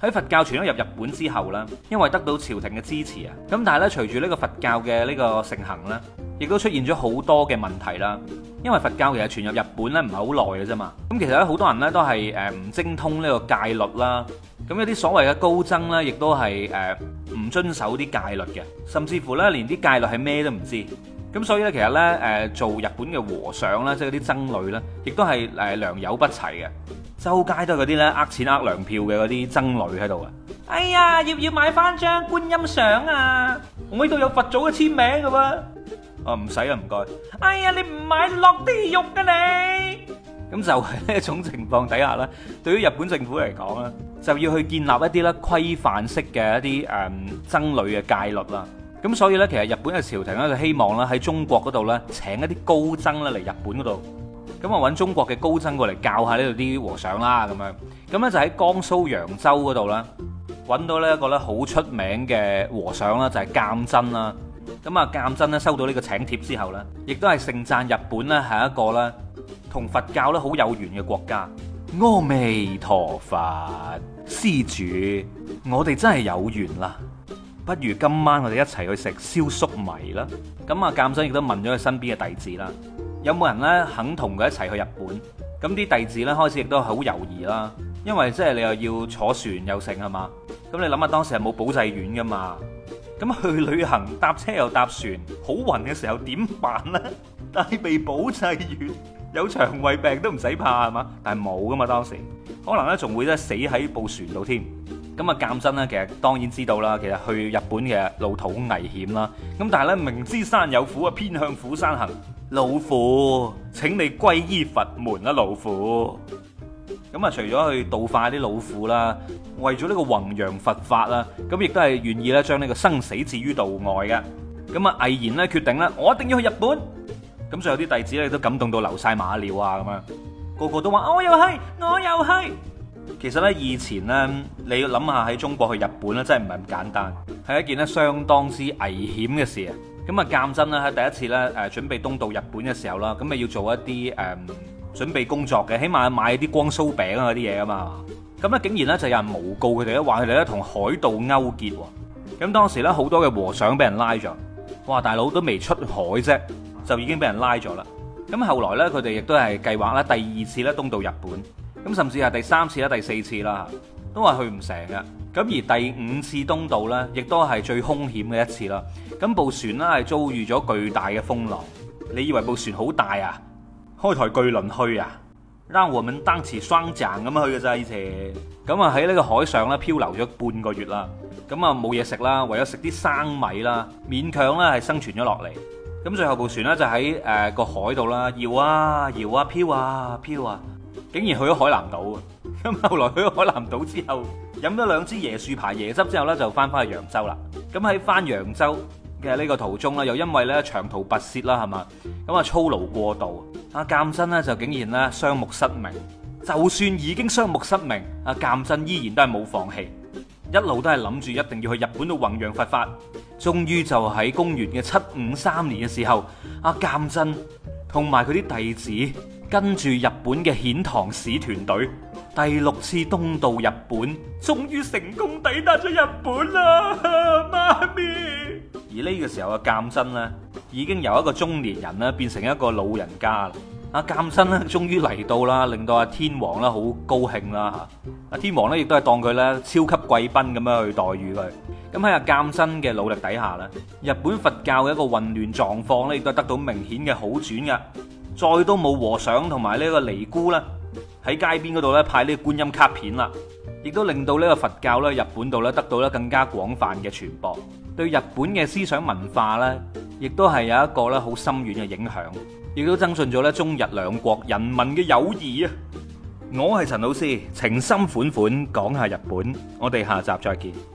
喺佛教傳咗入日本之後啦，因為得到朝廷嘅支持啊,咁但係咧隨住呢個佛教嘅呢個盛行啦，亦都出現咗好多嘅問題啦。因為佛教其實傳入日本咧唔係好耐嘅啫嘛，咁其實咧好多人咧都係誒唔精通呢個戒律啦，咁一啲所謂嘅高僧咧亦都係誒唔遵守啲戒律嘅，甚至乎咧連啲戒律係咩都唔知，咁所以咧其實咧誒做日本嘅和尚咧即係嗰啲僧侶咧，亦都係誒良莠不齊嘅。周街都係嗰啲咧，呃錢呃糧票嘅嗰啲僧侶喺度啊！哎呀，要唔要買翻張觀音像啊！我呢度有佛祖嘅簽名噶喎！哦，唔使啊，唔該。哎呀，你唔買落地獄啊你！咁就係呢一種情況底下啦，對於日本政府嚟講咧，就要去建立一啲咧規範式嘅一啲誒僧侶嘅戒律啦。咁所以咧，其實日本嘅朝廷咧就希望咧喺中國嗰度咧，請一啲高僧咧嚟日本嗰度。咁啊，揾中國嘅高僧過嚟教下呢度啲和尚啦，咁樣。咁咧就喺江蘇揚州嗰度啦。揾到呢一個咧好出名嘅和尚啦，就係鑑真啦。咁啊，鑑真咧收到呢個請帖之後咧，亦都係盛讚日本咧係一個咧同佛教咧好有緣嘅國家。阿彌陀佛，施主，我哋真係有緣啦，不如今晚我哋一齊去食燒粟米啦。咁啊，鑑真亦都問咗佢身邊嘅弟子啦。有冇人咧肯同佢一齊去日本？咁啲弟子咧開始亦都係好猶豫啦，因為即係你又要坐船又成係嘛？咁你諗下當時係冇保濟丸㗎嘛？咁去旅行搭車又搭船，好暈嘅時候點辦呢？但係未保濟丸，有腸胃病都唔使怕係嘛？但係冇㗎嘛，當時，可能咧仲會咧死喺部船度添。咁啊，鑒真咧，其實當然知道啦，其實去日本嘅路途危險啦。咁但係咧，明知山有虎啊，偏向虎山行。老虎，請你皈依佛門啦，老虎。咁啊，除咗去度化啲老虎啦，為咗呢個弘揚佛法啦，咁亦都係願意咧將呢個生死置於度外嘅。咁啊，毅然咧決定咧，我一定要去日本。咁仲有啲弟子咧都感動到流晒馬尿啊，咁啊，個個都話我又係，我又係。我又其實呢以前呢你要諗下喺中國去日本呢真係唔係咁簡單，係一件呢相當之危險嘅事啊！咁啊，鑒真咧喺第一次呢誒準備東渡日本嘅時候啦，咁咪要做一啲誒、嗯、準備工作嘅，起碼買啲光酥餅啊嗰啲嘢啊嘛。咁竟然呢就有人誣告佢哋咧，話佢哋咧同海盜勾結。咁當時呢好多嘅和尚俾人拉咗，哇大佬都未出海啫，就已經俾人拉咗啦。咁後來呢佢哋亦都係計劃咧第二次咧東渡日本。咁甚至係第三次啦、第四次啦，都係去唔成㗎。咁而第五次東渡呢，亦都係最兇險嘅一次啦。咁部船呢，係遭遇咗巨大嘅風浪。你以為部船好大啊？開台巨輪去啊？拉我們單詞雙槳咁去㗎。咋？以前咁啊喺呢個海上咧漂流咗半個月啦。咁啊冇嘢食啦，唯有食啲生米啦，勉強咧係生存咗落嚟。咁最後部船呢，就喺誒個海度啦，搖啊搖啊，漂啊漂啊。飄啊飄啊竟然去咗海南島啊！咁後來去咗海南島之後，飲咗兩支椰樹牌椰汁之後咧，就翻翻去揚州啦。咁喺翻揚州嘅呢個途中咧，又因為咧長途跋涉啦，係嘛，咁啊操勞過度，阿鑒真咧就竟然咧雙目失明。就算已經雙目失明，阿鑒真依然都係冇放棄，一路都係諗住一定要去日本度弘揚佛法。終於就喺公元嘅七五三年嘅時候，阿鑒真同埋佢啲弟子。跟住日本嘅遣唐使團隊，第六次東渡日本，終於成功抵達咗日本啦，媽咪！而呢個時候嘅鑒真咧，已經由一個中年人咧，變成一個老人家啦。阿鑒真咧，終於嚟到啦，令到阿天皇啦好高興啦吓。阿天皇咧，亦都係當佢咧超級貴賓咁樣去待遇佢。咁喺阿鑒真嘅努力底下咧，日本佛教嘅一個混亂狀況咧，亦都得到明顯嘅好轉噶。再都冇和尚同埋呢個尼姑啦，喺街邊嗰度咧派呢個觀音卡片啦，亦都令到呢個佛教咧，日本度咧得到咧更加廣泛嘅傳播，對日本嘅思想文化咧，亦都係有一個咧好深遠嘅影響，亦都增進咗咧中日兩國人民嘅友誼啊！我係陳老師，情深款款講下日本，我哋下集再見。